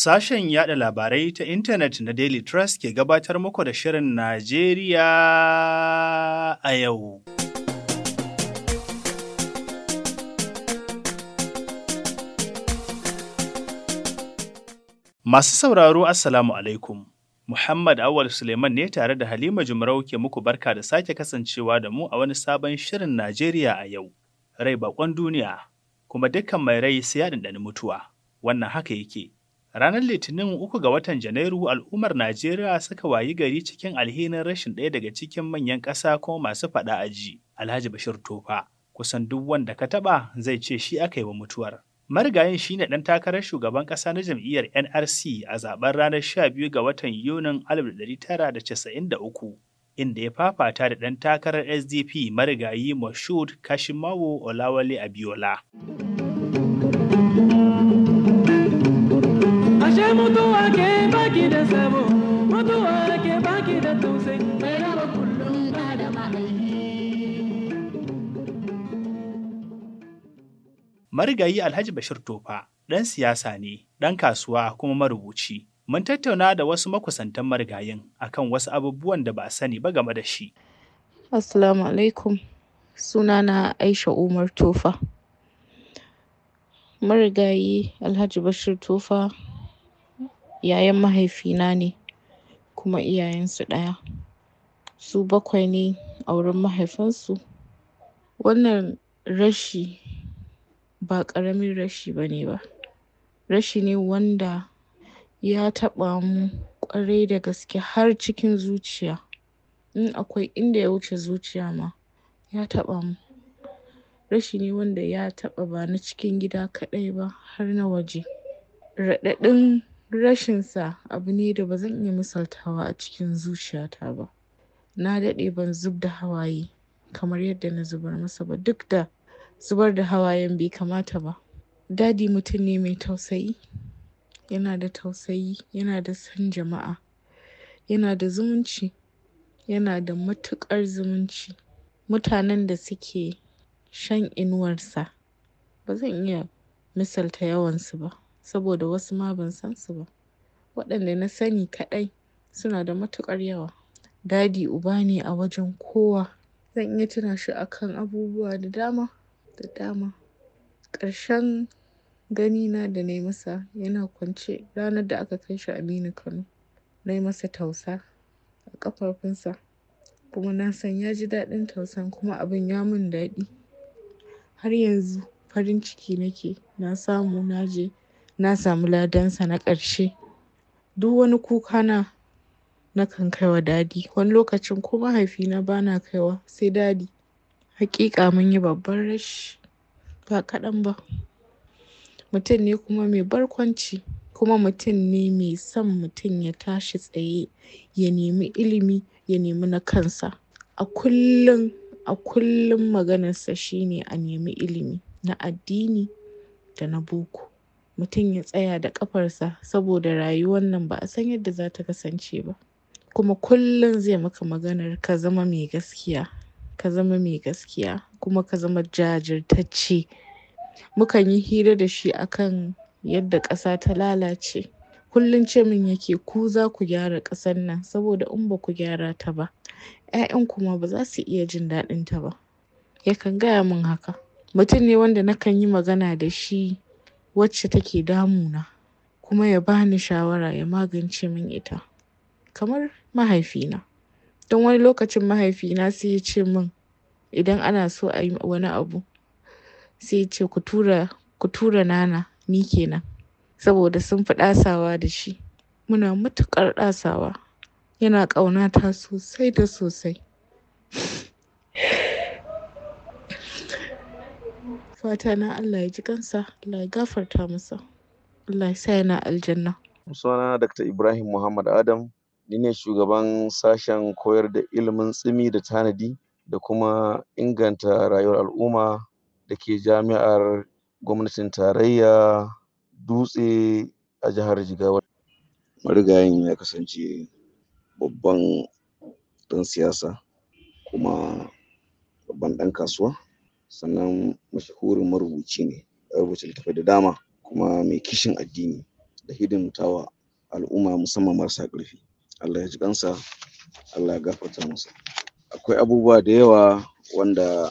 Sashen yada labarai ta intanet na Daily Trust ke gabatar muku da Shirin Najeriya a yau. Masu sauraro Assalamu alaikum. Muhammad Awal Suleiman ne tare da Halima Jumrau ke muku barka da sake kasancewa da mu a wani sabon Shirin Najeriya a yau. Rai bakon duniya, kuma dukkan mai rai sai ya mutuwa. Wannan haka yake. Ranar Litinin uku ga watan Janairu al'ummar Najeriya suka wayi gari cikin alhinin rashin ɗaya daga cikin manyan ƙasa ko masu faɗa a ji, Alhaji Bashir Tofa. Kusan duk wanda ka taɓa zai ce shi aka yi wa mutuwar. Marigayin shi ne ɗan takarar shugaban ƙasa na jam'iyyar NRC a zaben ranar 12 ga watan Yunin 1993, inda ya fafata da ɗan takarar SDP marigayi Moshood Kashimawo Olawale Abiola. Marigayi Alhaji Bashir Tofa ɗan siyasa ne, ɗan kasuwa kuma marubuci. Mun tattauna da wasu makusantan marigayin akan wasu abubuwan da ba a sani ba game da shi. Assalamu alaikum. Sunana Aisha Umar Tofa. Marigayi Alhaji Bashir Tofa yayan mahaifina ne kuma iyayensu ɗaya su bakwai ne a wurin mahaifinsu wannan rashi ba ƙaramin rashi ba ne ba rashi ne wanda ya taɓa mu ƙwarai da gaske har cikin zuciya in akwai inda ya wuce zuciya ma ya taɓa mu rashi ne wanda ya taɓa ba na cikin gida kaɗai ba har na waje raɗaɗin Rashinsa abu ne da ba zan iya misaltawa a cikin zuciyata ba. Na daɗe ban zub da hawaye kamar yadda na zubar masa ba duk da zubar da hawayen bai kamata ba. Dadi mutum ne mai tausayi, yana da tausayi, yana da san jama'a, yana da zumunci, yana da matuƙar zumunci. Mutanen da suke shan inuwarsa ba zan iya misalta yawansu ba. saboda wasu ma ban san su ba waɗanda na sani kaɗai suna da matuƙar yawa dadi uba ne a wajen kowa zan iya tuna shi akan abubuwa da dama da dama ƙarshen gani na da na masa yana kwance ranar da aka kai shi aminu kano na masa tausa a ƙafafunsa kuma na san ya ji daɗin tausan kuma abin ya min daɗi har yanzu farin ciki nake na samu na je na samu ladansa na ƙarshe duk wani kuka na nakan kai wa dadi wani lokacin ko mahaifina bana kaiwa sai dadi hakika mun yi babban rashi ba kaɗan ba mutum ne kuma mai barkwanci kuma mutum ne mai son mutum ya tashi tsaye ya nemi ilimi ya nemi na kansa a kullum a kullum maganarsa shine a nemi ilimi na addini da na boko mutum ya tsaya da ƙafarsa saboda rayuwar nan ba a san yadda za ta kasance ba kuma kullum zai maka maganar ka zama mai gaskiya ka zama mai gaskiya kuma ka zama jajirtacce mukan yi hira da shi akan yadda ƙasa ta lalace kullum ce min yake ku za ku gyara ƙasar nan saboda in ba ku gyara ta ba 'ya'yan ma ba za su iya jin daɗin ta ba yakan gaya min haka mutum ne wanda nakan yi magana da shi wacce take damuna kuma ya bani shawara ya magance min ita kamar mahaifina don wani lokacin mahaifina sai ya ce min idan ana so a yi wani abu sai ya ce ku tura nana ni kenan saboda sun fi ɗasawa da shi muna matuƙar ɗasawa yana ƙaunata sosai da sosai fata na Allah ya ji kansa Allah ya gafarta masa Allah ya sa yana aljanna sunana Dr. Ibrahim Muhammad Adam ni ne shugaban sashen koyar da ilimin tsimi da tanadi da kuma inganta rayuwar al'umma da ke jami'ar gwamnatin tarayya dutse a jihar jigawa marigayin ya kasance babban dan siyasa kuma babban dan kasuwa sannan mashahurin marubuci ne ya rubuta littattafai da dama kuma mai kishin addini da hidimtawa al'umma musamman marasa ƙarfi Allah ya ji ƙansa Allah ya gafarta masa akwai abubuwa da yawa wanda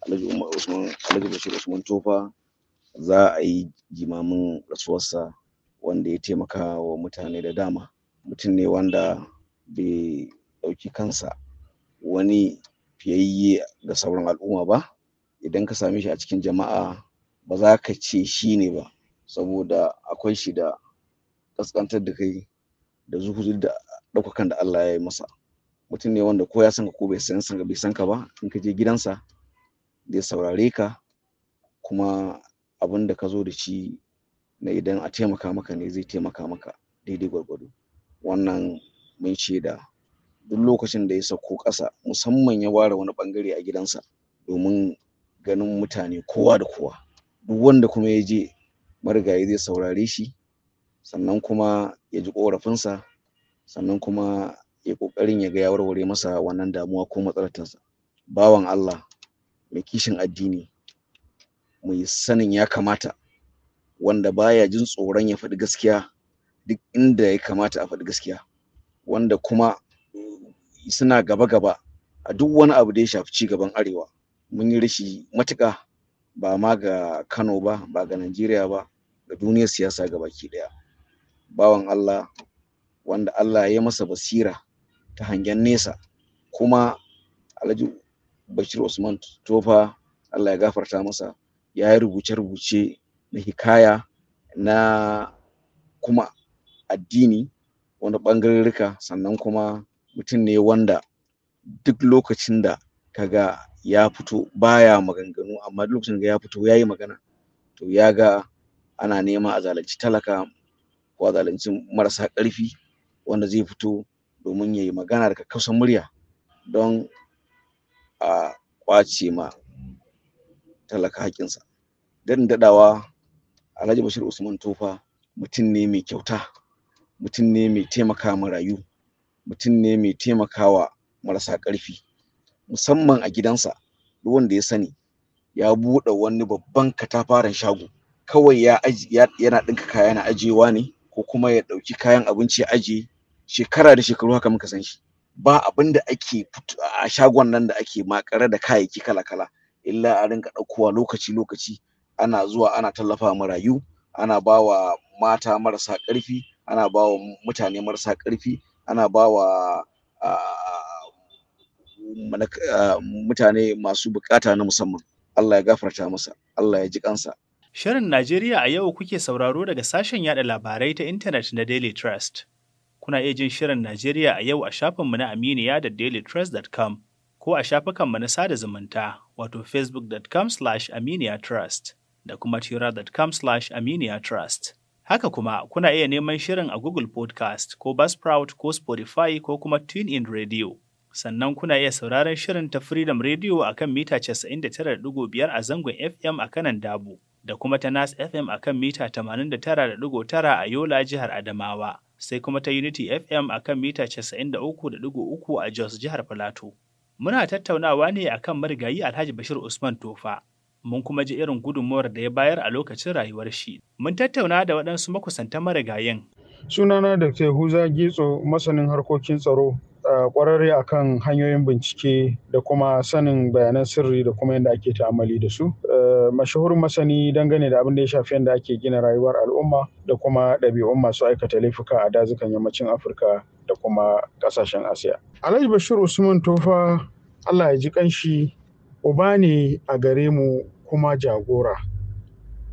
Alhaji Umar Alhaji Bashir Usman Tofa za a yi jimamin rasuwarsa wanda ya taimaka wa mutane da dama mutum ne wanda bai ɗauki kansa wani fiyayye da sauran al'umma ba idan ka same shi a cikin jama'a ba za ka ce shi ne ba saboda akwai shi da ƙasƙantar da kai da zuhuri da ɗaukakan da Allah ya yi masa mutum ne wanda ko ya san ka ko bai san ka bai san ka ba in ka je gidansa zai saurare ka kuma abin da ka zo da shi na idan a taimaka maka ne zai taimaka maka daidai gwargwado wannan mun da, duk lokacin da ya sauko ƙasa musamman ya ware wani ɓangare a gidansa domin ganin mutane kowa da kowa duk wanda kuma ya je marigayi zai saurare shi sannan kuma ya ji korafinsa sannan kuma ya kokarin ya ga ya warware masa wannan damuwa ko matsalatarsa bawan Allah mai kishin addini mai sanin ya kamata wanda baya jin tsoron ya faɗi gaskiya duk inda ya kamata a faɗi gaskiya wanda kuma suna gaba-gaba a duk wani abu da ya shafi ci gaban arewa mun yi rashi matuƙa ba ma ga kano ba ba ga najeriya ba ga duniyar siyasa ga baki ɗaya bawan allah wanda allah ya masa basira ta hangen nesa kuma alhaji bashir usman tofa allah ya gafarta masa ya yi rubuce-rubuce na hikaya na kuma addini wani ɓangarurruka sannan kuma mutum ne wanda duk lokacin da ka ga. ya fito baya maganganu amma duk lokacin da ya fito ya yi magana to ya ga ana nema a zalunci talaka ko a zalunci marasa ƙarfi wanda zai fito domin ya yi magana daga kausan murya don a ƙwace ma talaka haƙƙinsa daɗin daɗawa alhaji bashir usman tofa mutum ne mai kyauta mutum ne mai taimaka marayu mutum ne mai taimakawa marasa ƙarfi musamman a gidansa duk wanda ya sani ya buɗe wani babban katafaren shago kawai ya yana ɗinka kaya yana ajiyewa ne ko kuma ya ɗauki kayan abinci ya ajiye shekara da shekaru haka muka san shi ba abin da ake a shagon nan da ake makare da kayayyaki kala-kala illa a rinka ɗaukowa lokaci-lokaci ana zuwa ana tallafa marayu ana bawa mata marasa ƙarfi ana bawa mutane marasa ƙarfi ana bawa ah, mutane masu bukata na musamman Allah ya gafarta masa Allah ya ji kansa Shirin Najeriya a yau kuke sauraro daga sashen yada labarai ta intanet na Daily Trust. Kuna iya jin Shirin Najeriya a yau a shafinmu na Aminiya da dailytrust.com ko a shafukanmu na sada zumunta wato facebook.com slash trust da kuma turacom slash trust Haka kuma kuna iya neman shirin a Google Podcast ko Buzzsprout ko Spotify ko kuma TuneIn Radio. Sannan kuna iya sauraron shirin ta Freedom Radio a kan mita 99.5 a zangon FM a kanan Dabo, da kuma ta Nas FM a kan mita 89.9 a Yola jihar Adamawa, sai kuma ta Unity FM a kan mita 93.3 a Jos jihar Filato. Muna tattaunawa ne a kan marigayi Alhaji Bashir Usman Tofa. Mun kuma ji irin gudunmawar da ya bayar a lokacin rayuwar shi. Mun tattauna da waɗansu makusanta marigayin. Sunana da Huza Gitso masanin harkokin tsaro ƙwararre a kan hanyoyin bincike da kuma sanin bayanan sirri da kuma yadda ake ta'amali da su. Eh, mashahurin masani dangane da abin da ya shafi yadda ake gina rayuwar al'umma da kuma ɗabi'un masu aikata laifuka a dazukan yammacin Afirka da kuma ƙasashen Asiya. Alhaji Bashir Usman Tofa Allah ya ji ƙanshi uba ne a gare mu kuma jagora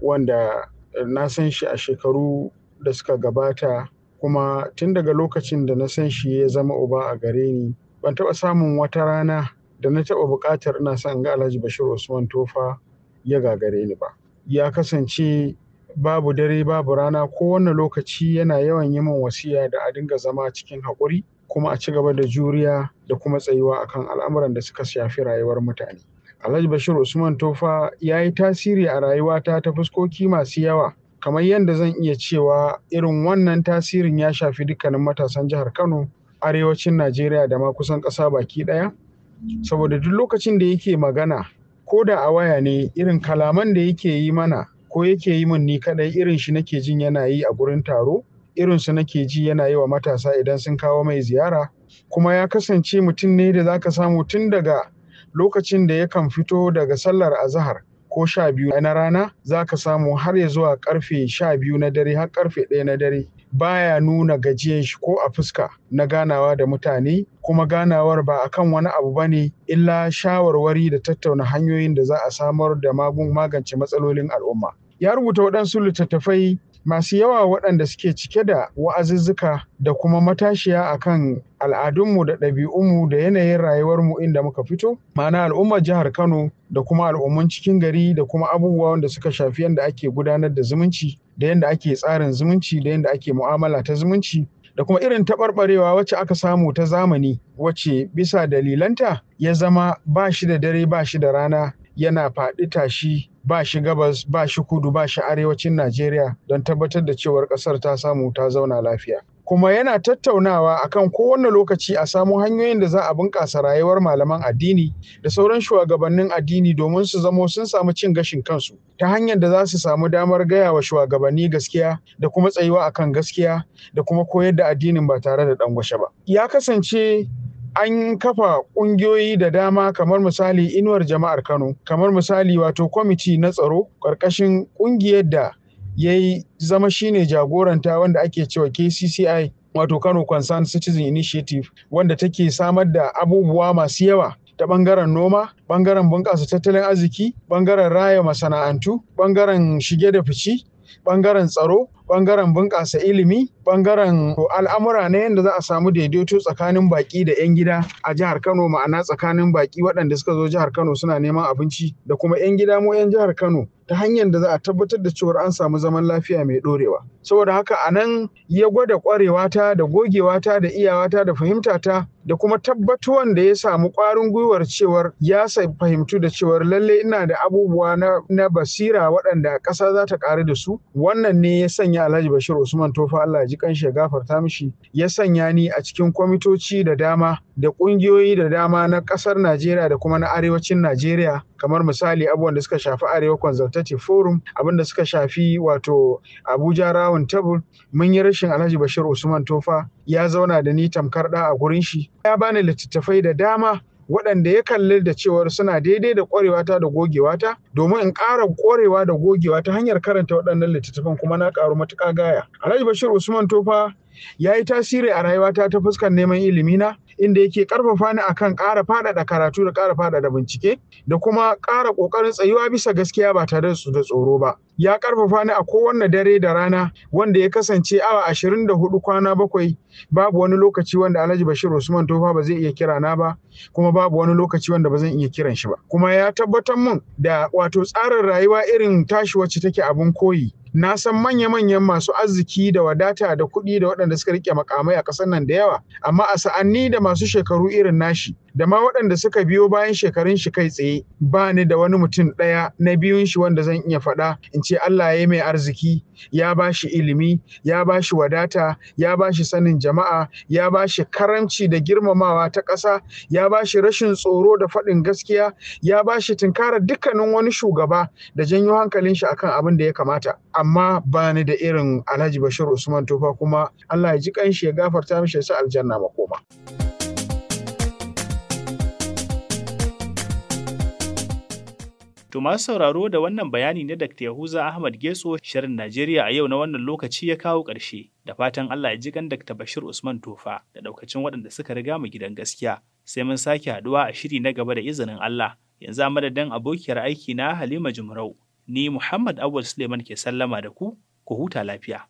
wanda na san shi a shekaru da suka gabata kuma tun daga lokacin da na san shi ya zama uba a gare ni ban taɓa samun wata rana da na taɓa buƙatar ina son ga Alhaji Bashir Usman Tofa ya gagare ni ba. Ya kasance babu dare babu rana kowane lokaci yana yawan yi min wasiya da a dinga zama cikin haƙuri kuma a ci gaba da juriya da kuma tsayuwa akan al'amuran da suka shafi rayuwar mutane. Alhaji Bashir Usman Tofa ya yi tasiri a rayuwata ta fuskoki masu yawa Kamar yadda zan iya cewa irin wannan tasirin ya shafi dukkanin matasan jihar Kano, arewacin Najeriya da ma kusan ƙasa baki ɗaya. Saboda duk lokacin da yake magana, ko da a waya ne irin kalaman da yake yi mana ko yake yi min ni kaɗai irin shi nake jin yana yi a gurin taro, irin su nake ji yana yi wa matasa idan sun kawo mai ziyara. Kuma ya kasance mutum ne da za ka samu tun daga lokacin da yakan fito daga sallar azahar ko sha biyu na rana za ka samu har ya zuwa karfe sha biyu na dare har karfe ɗaya na dare baya nuna gajiyar shi ko a fuska na ganawa da mutane kuma ganawar ba akan wani abu ba ne illa shawarwari da tattauna hanyoyin da za a samar da magun magance matsalolin al'umma ya rubuta waɗansu littattafai masu yawa waɗanda suke cike da wa'azuzzuka da kuma matashiya akan al'adunmu da ɗabi'unmu da yanayin rayuwarmu inda muka fito ma'ana al'ummar jihar kano da kuma al'ummun cikin gari da kuma abubuwa wanda suka shafi yadda ake gudanar da zumunci da yadda ake tsarin zumunci da yadda ake mu'amala ta zumunci da kuma irin taɓarɓarewa wacce aka samu ta zamani wacce bisa dalilanta ya zama ba shi da dare ba shi da rana yana faɗi tashi ba shi gabas ba shi kudu ba shi arewacin Najeriya don tabbatar da cewar ƙasar ta samu ta zauna lafiya. kuma yana tattaunawa akan kowane lokaci a samo hanyoyin da za a bunƙasa rayuwar malaman addini da sauran shugabannin addini domin su zamo sun samu cin gashin kansu ta hanyar da za su samu damar gaya wa shugabanni gaskiya da kuma tsayuwa akan gaskiya da kuma koyar da addinin ba tare da dangwashe ba ya kasance an kafa ƙungiyoyi da dama kamar misali inuwar jama'ar kano kamar misali wato kwamiti na tsaro ƙarƙashin ƙungiyar da ya yi zama shine jagoranta wanda ake cewa KCCI wato Kano Concerned Citizen Initiative wanda take samar da abubuwa masu yawa ta bangaren noma, ɓangaren bunƙasa tattalin arziki, bangaren raya masana'antu, ɓangaren shige da fici, bangaren tsaro, ɓangaren bunƙasa ilimi, bangaren al'amura na yadda za a samu daidaito tsakanin baƙi da 'yan gida a jihar Kano ma'ana tsakanin baƙi waɗanda suka zo jihar Kano suna neman abinci da kuma 'yan gida mu 'yan jihar Kano ta hanyar da za a tabbatar da cewar an samu zaman lafiya mai ɗorewa. Saboda haka a nan ya gwada ƙwarewata da gogewata da iyawata da fahimtata da kuma tabbatuwan da ya samu ƙwarin gwiwar cewar ya fahimtu da cewar lalle ina da abubuwa na, basira waɗanda ƙasa za ta ƙare da su wannan ne ya sanya Alhaji Bashir Usman Tofa Allah ji kanshi ya gafarta mishi ya sanya ni a cikin kwamitoci da dama da ƙungiyoyi da dama na ƙasar Najeriya da kuma na arewacin Najeriya kamar misali abubuwan da suka shafi arewa consultation Legislative forum abinda suka shafi wato abuja round table mun yi rashin alhaji bashir usman tofa ya zauna da ni tamkar da a gurin shi ya bani littattafai da dama waɗanda ya kalli da cewar suna daidai da ƙwarewata da gogewata domin in ƙara ƙwarewa da gogewa ta hanyar karanta waɗannan littattafan kuma na ƙaru matuƙa gaya. Alhaji Bashir Usman Tofa ya yi tasiri a rayuwata ta fuskar neman ilimina inda yake ƙarfafa ni akan ƙara faɗaɗa karatu da ƙara faɗaɗa bincike da kuma ƙara ƙoƙarin tsayuwa bisa gaskiya ba tare da tsoro ba ya ƙarfafa ni a kowanne dare da rana wanda ya kasance awa ashirin da hudu kwana bakwai babu wani lokaci wanda Alhaji Bashir Usman Tofa ba zai iya kira na ba kuma babu wani lokaci wanda ba zan iya kiran shi ba kuma ya tabbatar mun da wato tsarin rayuwa irin tashi wacce take abin koyi na san manya-manyan masu arziki da wadata da kuɗi da waɗanda suka rike makamai a ƙasar nan da yawa amma a sa'anni da masu shekaru irin nashi da ma waɗanda suka biyo bayan shekarun shi kai tsaye ba ni da wani mutum ɗaya na biyun shi wanda zan iya faɗa in ce Allah ya mai arziki ya ba shi ilimi ya ba shi wadata ya ba shi sanin jama'a ya ba shi karamci da girmamawa ta ƙasa ya ba shi rashin tsoro da faɗin gaskiya ya ba shi tunkarar dukkanin wani shugaba da janyo hankalin shi akan abin da ya kamata amma ba ni da irin Alhaji Bashir Usman Tofa kuma Allah ya ji kanshi ya gafarta mishi sa aljanna makoma. To masu sauraro da wannan bayani na Dr. Yahuza Ahmad geso shirin Najeriya a yau na wannan lokaci ya kawo ƙarshe da fatan Allah ya ji kan Dr. Bashir Usman Tofa da daukacin waɗanda suka riga mu gidan gaskiya. Sai mun sake haɗuwa a shiri na gaba da izinin Allah. Yanzu madadin abokiyar aiki na Halima Jumrau ni Muhammad Awal Suleiman ke sallama da ku, ku huta lafiya.